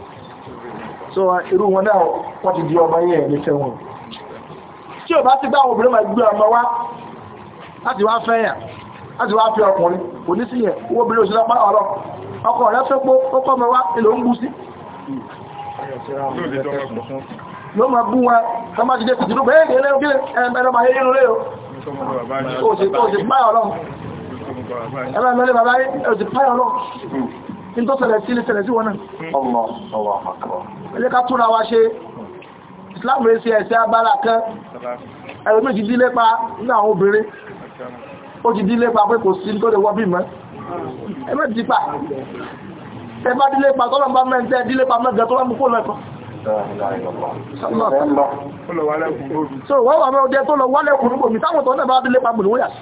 so uh, irú wọn náà wọ́n ti di ọmọ yẹn ní tẹ́wọ̀n tí ò bá ti gbáwọn obìnrin máa gbé ọmọ wá láti wá fẹ́yàn láti wá fi ọkùnrin kò ní sí yẹn owó obìnrin òṣèlú ọpá ọ̀rọ̀ ọkọ rẹ̀ fẹ́ pó ó kọ́ ọmọ wá ilò ń bú sí ló máa bú wọn tó máa ti dé tìtìlú bẹ́ẹ̀ ní ẹlẹ́gbẹ́ ẹgbẹ́rẹ́ máa yé nínú ní tó ṣẹlẹ̀ sí ilé ṣẹlẹ̀ sí wọn náà ẹlẹ́ka túnra wa ṣe Islam rẹ̀ sí ẹ̀sẹ̀ agbára kan ẹ̀rọ méjì dílé pa ní àwọn obìnrin ó ti dílé pa pé kò sí tó lè wọ́ bí mọ́ ẹmẹ́ dípa ẹbá dílé pa tọ́lọ̀ bá mẹ́ntẹ́ dílé pa mẹ́gẹ́ tó lọ́mù kó lẹ́kọ̀ọ́ so wọ́n wà mẹ́ ọdẹ tó lọ wálẹ̀kùn rúgbòmí táwọn tó náà bá dílé pa gbòlówó yàtọ̀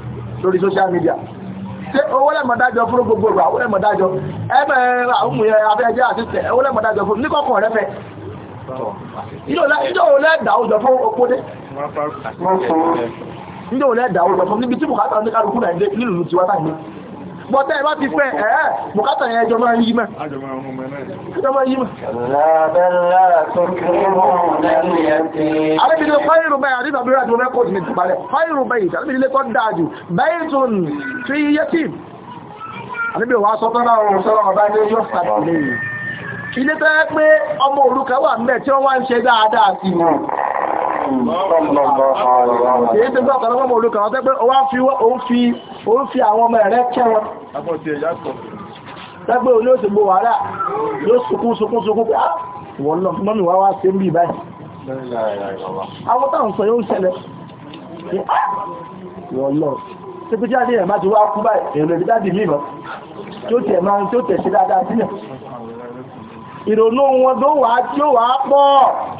lórí social media ṣé owó lẹ́mọ̀dájọ́ fún gbogbo ìgbà lẹ́mọ̀dájọ́ ẹgbẹ́ àwọn abẹ́jẹ́ àtìsẹ̀ owó lẹ́mọ̀dájọ́ fún níkọ̀kọ̀ rẹ fẹ́ ìjọ òun lẹ́ẹ̀dà fún opódé bọ́tẹ́ ẹ bá ti fẹ́ ẹ̀ẹ́ bùkátà yẹn ẹjọ́ máa ń yí mẹ́. ẹjọ́ máa ń yí mẹ́. àdébìnrin fáyìrù báyìí àdébìnrin àbúrò àti mọ́mẹ́ kóòtù ní ìbálẹ̀ fáyìrù báyìí àdébìnrin lẹ́kọ́ dáadù báyìí tún fi yatim. àdébìnrin wa sọ tọ́lá ọ̀rọ̀ sọ́lá ọ̀bá ní yóò sàtìlẹ́yìn ilé tẹ́lẹ́ pé ọmọ òrukàn wà ń bẹ̀ tí wọ́n wá ń ṣe dáadáa sí wọn Èyí tí gbá ọ̀tọ̀lọ́gbọ́n mọ̀ olùkà wọ́n tẹ́ pé ó ń fi àwọn ọmọ ẹ̀rẹ́ kẹ́ wọn. Tẹ́gbẹ́ olú òsì gbò wàhálà yóò sùkún sùkún sùkún pé wọ́n lọ mọ́mí wá wá sí ń bí báyìí. Àwọn táwọn sọ yóò ń ṣẹlẹ̀. Wọ́n lọ. Tí pé jáde ẹ̀ máa ti wá kú báyìí, èrò ìdájì mímọ̀ tí ó tẹ̀ máa tí ó tẹ̀ sí dáadáa sílẹ̀. Ìrònú wọn tó wà á pọ̀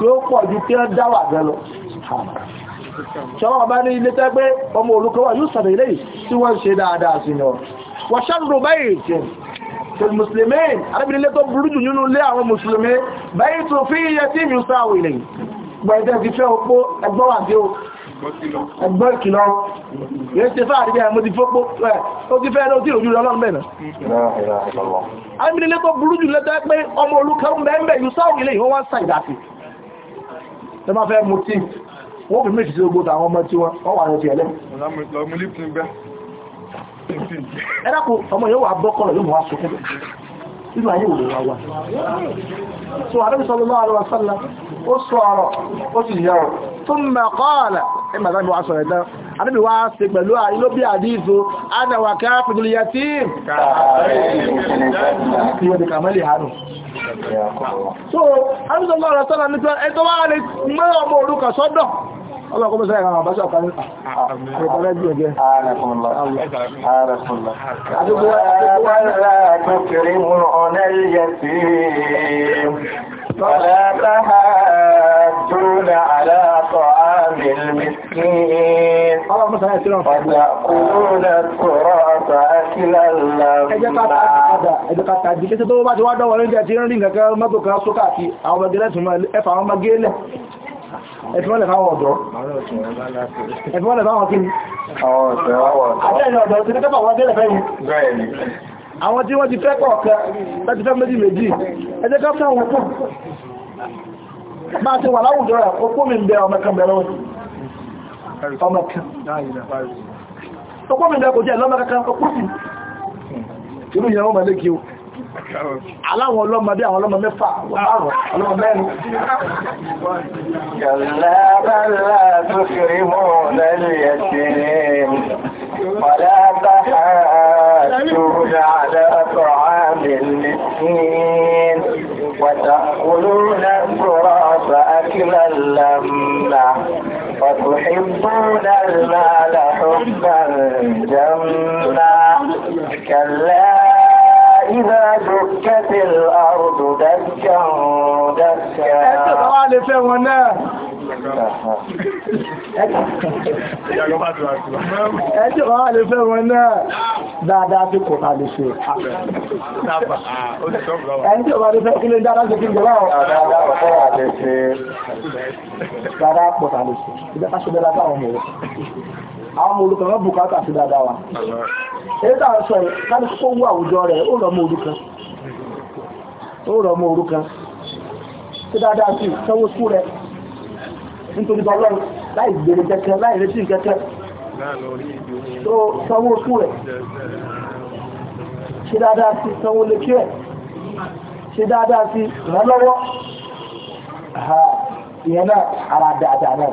tí ó pọ̀ ju kí ó dáwà gan lọ ṣọ́wọ́ bá ní ilé tẹ́ pé ọmọ olùkọwà yóò sọ̀rọ̀ ilé tí wọ́n ṣe dáadáa sí lọ wọ̀ṣẹ́rù báyìí tí mùsùlùmí arábìnrin tó burú jù nínú ilé àwọn mùsùlùmí báyìí tó fi iye tí mi sáwò ilẹ̀ gbẹ̀ẹ́dẹ́ ti fẹ́ opó ẹgbọ́n wà tí ó ẹgbọ́n tó burú jù lẹ́tọ́ pé ọmọ olùkọ́ mẹ́mẹ́ yóò sáwò ìwọ́n wá sàìdá sí tó bá fẹ́ mú tí wọ́n fi méjì sí ogbó tàwọn ọmọ tí wọ́n wà ní ti ẹ̀lẹ́ ẹ̀dàkùn ọmọ yóò wà yóò wà sókún nínú ayé òun wá wà so àdébí sallallahu alaihi wasallam ó sọ ọ̀rọ̀ ó sì yọ tó mẹ́kọ́ọ̀lẹ̀ ẹ màá sábẹ́ wá sọ̀rọ̀ ẹ̀dá àdébí wá ṣe pẹ̀lú àìló bí àdízo ádàwà káfíńdùlù yatim ìwọ̀n ìkàmẹ́lì hànú so àdébí ọlọ́kọ́ mọ́sá ẹ̀rọ àbáṣọ́ ọ̀kanú ààrẹ bí ẹgẹ́ ààrẹ fúnlọ ààrẹ fúnlọ àdúgbò ààrẹ àtọ́kẹrẹ mú ọ̀nà yẹ sí ولا تحاجون على طعام المسكين وتأكلون التراث أكلا لما Ẹjọ́ká tàbí kí tí tó bá ti tí rìn kankan mọ́tò kan sókà àti àwọn ọmọdé lẹ́tùmọ́ ẹfà àwọn ọmọdé lẹ́ ẹ̀tùmọ́lẹ̀ fáwọn ọ̀dọ́. Ẹ̀fẹ́ wọ́n lè bá wọn kí ni? Àwọn ọ̀sẹ̀ wọ́n wọ̀. Àjẹ́ ọ̀dọ̀ ti ní kẹ́kọ̀ọ́ wọn délẹ̀ fẹ́ mi. Bẹ́ẹ̀ ni. Àwọn tí wọ́n ti fẹ́ kọ̀ọ̀kẹ́ láti fẹ́ méjì méjì, ẹjẹ́ ká fẹ́ wọn pọ̀. Bá ti wà láwùjọ rẹ̀, ó kó mi ń bẹ ọmọ kan bẹ̀rẹ̀ wọn. Ọmọ kan. Ó kó mi ń bẹ kò jẹ́ lọ́mọ kankan, ó kó sì. Irú ìyẹn wọ́n máa aláwọn ọlọ́mọdé àwọn ọlọ́mọ mẹ́fà ọlọ́mọ mẹ́rin kàlábàlá tó kiri mọ́ lẹ́lú ẹ̀sìn pàdábà àtúrú àdáàtọ̀ àmìlìsìn وتأكلون التراث أكلا لما وتحبون المال حبا جما كلا وإذا دكت الأرض دكا دكا أنت طبعا لفهمنا Ẹjọ́ wọ́n lè fẹ́ wọn náà dáadáa tí kò náà lè ṣe. Ẹjọ́ wọ́n lè fẹ́ kí lè dáadáa tí kí gbọ́lá ọ̀dáadáa lè ṣe. Dáadáa pọ̀ tàà lè ṣe. Ìjẹ́ ká ṣe dáadáa àwọn ọmọ olùkọ́ wọn bùkátà sí dáadáa wa èyí tàà sọ láti kó wú àwùjọ rẹ̀ ó rọ̀ mọ́ orúkan ó rọ̀ mọ́ orúkan sí dáadáa sí sanwó sí rẹ̀ nítorí tọ́lọ́ láì gbèrè kẹ́kẹ́ láì retí kẹ́kẹ́ tó sanwó sí rẹ̀ ṣe dáadáa sí sanwó lékí rẹ̀ ṣe dáadáa sí ìrànlọ́wọ́ ìyẹn náà ara dáadáa náà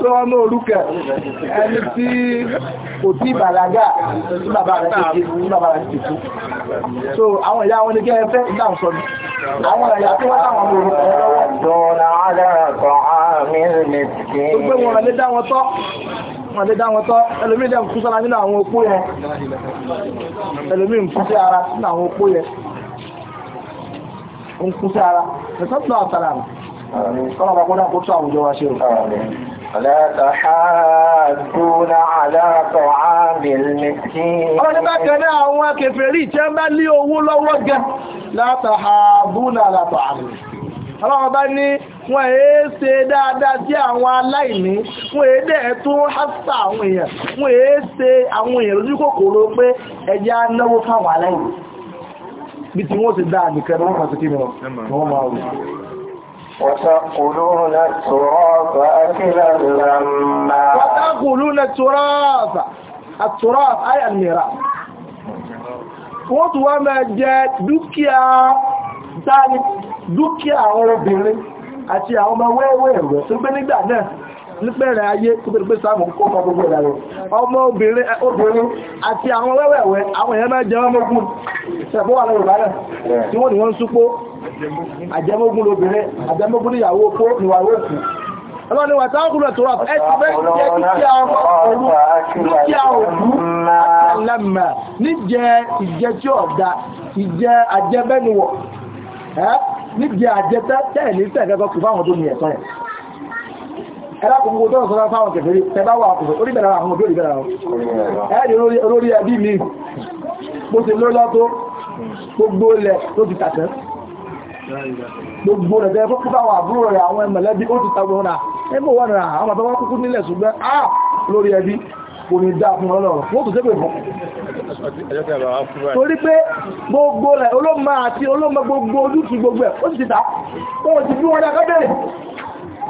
tó wọ́n ní orúkẹ̀ ẹni tí kò tí ìbàlágà tí bàbá rẹ̀ ti kú ní bàbá rẹ̀ ti kú so àwọn ìyá wọn ní kẹ́ ẹfẹ́ ìdáhùn sọ àwọn ìyá tí wọ́n táwọn ọmọ orúkẹ̀ lọ́wọ́ dọ̀ọ̀nà kú sára nínú àwọn opó yẹn ẹlòmíì ń kú sí ara nínú àwọn opó yẹn ń kú sí ara ẹ̀sọ́ àtàrà kọ́nà bá kọ́nà kó tó àwùjọ wa ṣe Ọlá tàhádùn àlàtọ̀ àmìlì kí. Ọlọ́ni bá kẹ́rẹ́ àwọn akẹfẹ̀rí tẹ́ bá lé owó lọ́wọ́ gẹ látàhádùn àlàtọ̀ àmìlì. Ọlọ́run bá ní wọ́n èé ṣe dáadáa sí àwọn aláìní, wọ́n èé dẹ̀ tó hásà àwọn èèyàn, wọ́n èé ṣe àwọn èèyàn lójú kòkòrò pé ẹjá náwó fáwọn aláìní. Bí ti wọ́n ti dáa nìkan وتأكلون التراث أكلا لما وتأكلون التراث أي الميراث wọ́n tún wá máa jẹ dúkìá dáni dúkìá àwọn obìnrin àti àwọn ọmọ wẹ́wẹ́ ẹ̀wẹ̀ tó gbé nígbà náà nípẹ̀rẹ̀ ayé tó bẹ̀rẹ̀ pé sáàmù kó kọ gbogbo ìlànà ọmọ obìnrin obìnrin àti àwọn wẹ́wẹ̀wẹ́ àwọn èèyàn máa jẹun ọmọgún ṣẹ̀fọ́ wà lọ́rọ̀ báyẹ̀ tí wọ́n ni wọ́n ń súpó àjẹmógún lóbìnrin àjẹmógún níyàwó kó níwàwó òkú ọlọ́run ni wà táàkùnrin tó rà ẹ́ ti bẹ́ẹ̀ jẹ́ dúkìá òru dúkìá òru àtàlámà níjẹ ìjẹ tí ọ̀dà ìjẹ àjẹbẹ́nuwọ̀ níjẹ àjẹtẹ́ tẹ́ẹ̀ ní tẹ́ẹ̀ kẹ́kọ̀ọ́ kù fáwọn tó ní ẹ̀tọ́ yẹn ẹlákùn gbogbo tọ́rọ sọ́rọ̀ fáwọn kẹfẹ́rí tẹbá wà àkùsọ̀ orí bẹ̀rẹ̀ àwọn ojú ìbẹ̀rẹ̀ àwọn ẹ̀rì olórí ẹbí mi bó ti lọ́lọ́ tó gbogbo ilẹ̀ tó ti tàtẹ́ gbogbo rẹ̀ tẹ́ fún fáwọn àbúrò rẹ̀ àwọn ẹmọ̀lẹ́bí ó ti tagbọn náà ẹgbẹ́ wọn rà àwọn bàbá kúkú nílẹ̀ ṣùgbọ́n á lórí ẹbí kò ní dá fún ọlọ́rọ̀ wọ́n tó sẹ́gbẹ̀ fún torí pé gbogbo rẹ̀ olóòmà àti olóòmà gbogbo ojútùú gbogbo ẹ̀ ó sì ti ta ó ti bí wọn dá kábẹ̀rẹ̀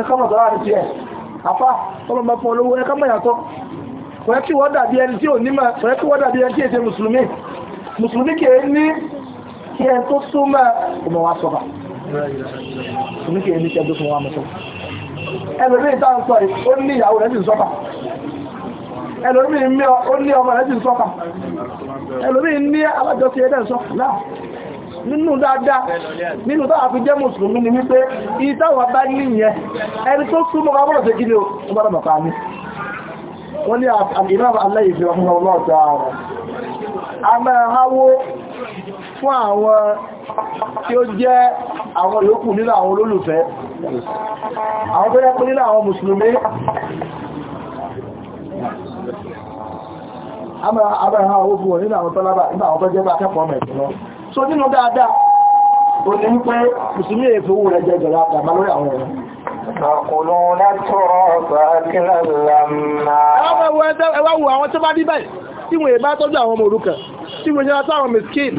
ẹ̀kọ́mọ̀ tọ́lá àti ẹ̀ àfá ọlọ́mọ fún olówó ẹ̀kọ́mọ̀ yàtọ̀ kọ̀ẹ́ kí wọ́n dàbí ẹni tí ò ní máa kọ̀ẹ́ kí wọ́n dàbí ẹni tí èsè mùsùlùmí mùsùlùmí kìí ní kí ẹ tó súnmọ́ ọmọ wa sọ́ba mùsùlùmí kìí ní kí ẹ tó súnmọ́ ọmọ sọ́ba ẹlòmí ìta ń sọ ó ní ìyàwó rẹ̀ sì ń sọ́ba ẹlòmí ó ní ọmọ rẹ̀ sì ń sọ́ba ẹlòmí ní alájọsí ẹ̀dẹ̀ ń sọ́ba náà nínú dáadáa nínú táwà fi jẹ́ mùsùlùmí ni wípé ìtawà bá ní ìyẹn ẹni tó súnmọ́ ọgbọ́dọ̀ sí kí ni ó wọ́n ní àìmáàmù aláìsí ọmọ ọlọ́ọ̀tọ́ a máa háwó àwọn àwọn nínú àwọn a fún àwọn tọ́lábà nínú àwọn bá akẹ́kọ̀ọ́ so nínú dáadáa o ní wípé mùsùlùmí èfò owó rẹ̀ jẹ́ ìjọba àtàbà lórí àwọn ọ̀rọ̀ Àkùnlò látọ̀rọ̀ ọ̀fà kílẹ̀ lámà.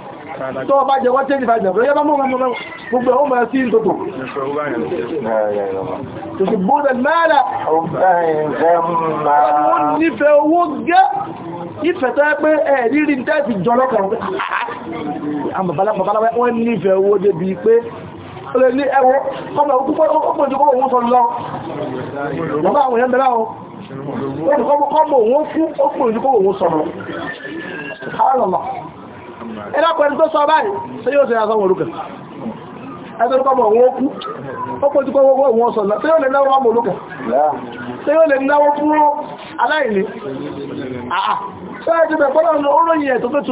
tó ọba jẹ wọ́n tẹ́lifà jẹ ọ̀rẹ́ yẹbá mọ́mọ́ gbogbo ọmọ sí ìtòtò tó sì bóòdẹ̀ mẹ́rẹ̀ wọ́n nífẹ̀ẹ́ owó gẹ́ ìfẹ́ tó ẹ pé ẹ̀rírí tẹ́ẹ̀tì jọlọ́kàn wọ́n nífẹ̀ẹ́ owó débi pé lè ní ẹwọ́ ọmọ òkúkọ́ ọmọ òjò kọ́mọ̀ òun sọ lọ bàbá àwọn èèyàn bẹ̀rẹ̀ àwọn olùkọ́mọ̀ òun kú ọmọ òjò kọ́mọ̀ òun sọ lọ ẹlọ́pẹ̀ẹ́ni tó sọ báyìí ṣe yóò ṣe àṣọ òrùkẹ̀ ẹgbẹ́rúkọ́mọ̀ wọn kú ó kó tí kọ́wọ́ wọn sọ̀lá tí ó lè na ọmọ olókẹ̀ tí fún aláìní àà ṣáàjú bẹ̀kọ́lá ọ̀nà oróyìn ẹ̀tọ́ tó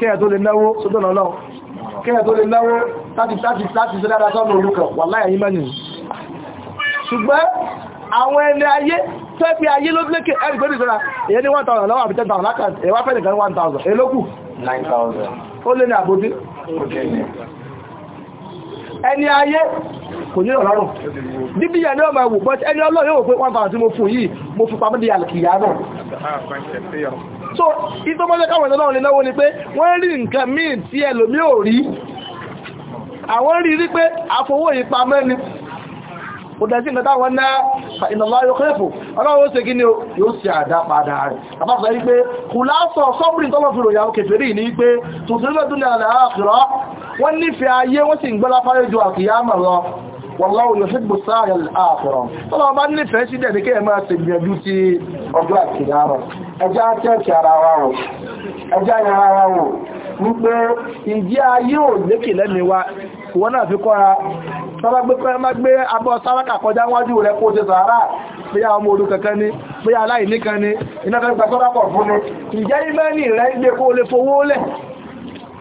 kẹ́ẹ̀ tó lè náwó sódọ́nà ọlọ́run kẹ́ẹ̀ tó lè náwó láti láti láti ṣe dára sọ́nà olùkọ̀ wà láyàyí mẹ́rin ṣùgbọ́n àwọn ẹni ayé fẹ́ fi ayé ló lékè ẹgbẹ̀rẹ̀ ìṣẹ́ra èyí ní 1000 lọ́wọ́ àbí 1000 lákàtí ẹwà fẹ́ nìkan 1000 elókù 9000 ó lé ní àbójú ẹni ayé kò ní ọ̀rọ̀rùn níbi yẹn ní ọmọ ẹwù bọ́t ẹni ọlọ́ yóò pé 1000 tí mo fún yìí mo fi pamọ́ so ìtọ́ mọ́ jẹ́ káwọn ìtọ́lọ́wọ́ lè náwó ni pé wọ́n rí nǹkan míì tí ẹlòmí ò rí àwọn rí rí pé àfowó ìpamọ́ ni òdẹ̀sí ìgbẹ̀ táwọn náà ìnàlá yóò kẹ́fù ọlọ́run ó ṣe kí ni yóò ṣe àdá padà rẹ̀ àpapọ̀ rí pé kùlásọ̀ sọ́bùrì tọ́lọ̀ fi ròyà kèfèrí ní pé tòsílẹ̀ dúnlẹ̀ àlẹ́ àkìrọ́ wọ́n nífẹ̀ẹ́ ayé wọ́n sì ń gbọ́lá fáyé ju àkìyàmọ̀ lọ wallahu yuhibbu sáàrẹ̀ àfẹ́rọ̀ tọ́lọ bá nífẹ̀ẹ́ sí dẹ̀ níkẹ́ máa ṣe gbìyànjú ti ọjọ́ àkìdárọ̀ ẹjá tẹ́ẹ̀kì ara wa rò ẹjá yàrá wa rò wípé ìdí ayé ò lékè lẹ́mi wa wọ́n náà fi kọ́ra tọ́lágbé abọ́ sáráka kọjá wájú rẹ̀ kó ṣe sàárà pé àwọn ọmọ olú kankan ní pé aláìníkan ní iná kan gbà sọ́rápọ̀ fún ní ìjẹ́ ìmẹ́ni rẹ̀ gbé kó lè fowó lẹ̀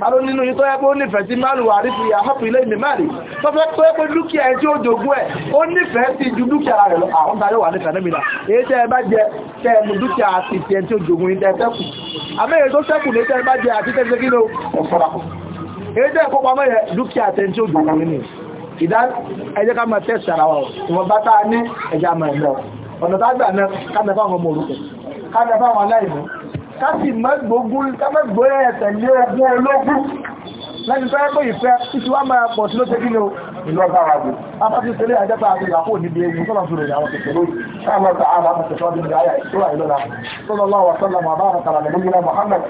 aró nínú yìí tó yẹ pé ó nífẹ̀ẹ́ sí máàlù wà rífi àhọ́pù ilé ìmì máàlì tó fẹ́ pé pé dúkìá ẹ̀ tí ó jogún ẹ̀ ó nífẹ̀ẹ́ sí ju dúkìá rẹ̀ lọ àwọn tayọ wà nífẹ̀ẹ́ nẹ́mìnà èyí tẹ́ ẹ bá jẹ tẹ́ dúkìá àti tiẹ̀ tí ó jogún yìí tẹ́ ẹ sẹ́kù a ní ẹjẹ́ àmọ̀ ẹ̀mọ́ ọ̀nà tá a gbà náà ká mẹ́fà àwọn ọmọ kásì mọ́gbógún kámọ́gbóyẹ̀ ẹ̀tẹ̀lé ogún ológun lẹ́yìn tó ẹ́gbẹ́ ìfẹ́ títí wá máa pọ̀ sí ló tẹ́ gílé ìlọ́gbà àwàgbò afẹ́sí ìṣẹ́lẹ̀ àjẹ́ta àti ìlàpò níbi ewu tọ́lá ń sọ̀rọ̀ àwọn kẹfẹ́ lórí káàmọ́ ta àwọn akẹ́kọ̀ọ́ bí i àyà ìṣúra ìlọ́la sọ́lọ́ lọ́wọ́ sọ́lọ́ mọ̀ bá àkàrà lẹ́nu yìí Muhammad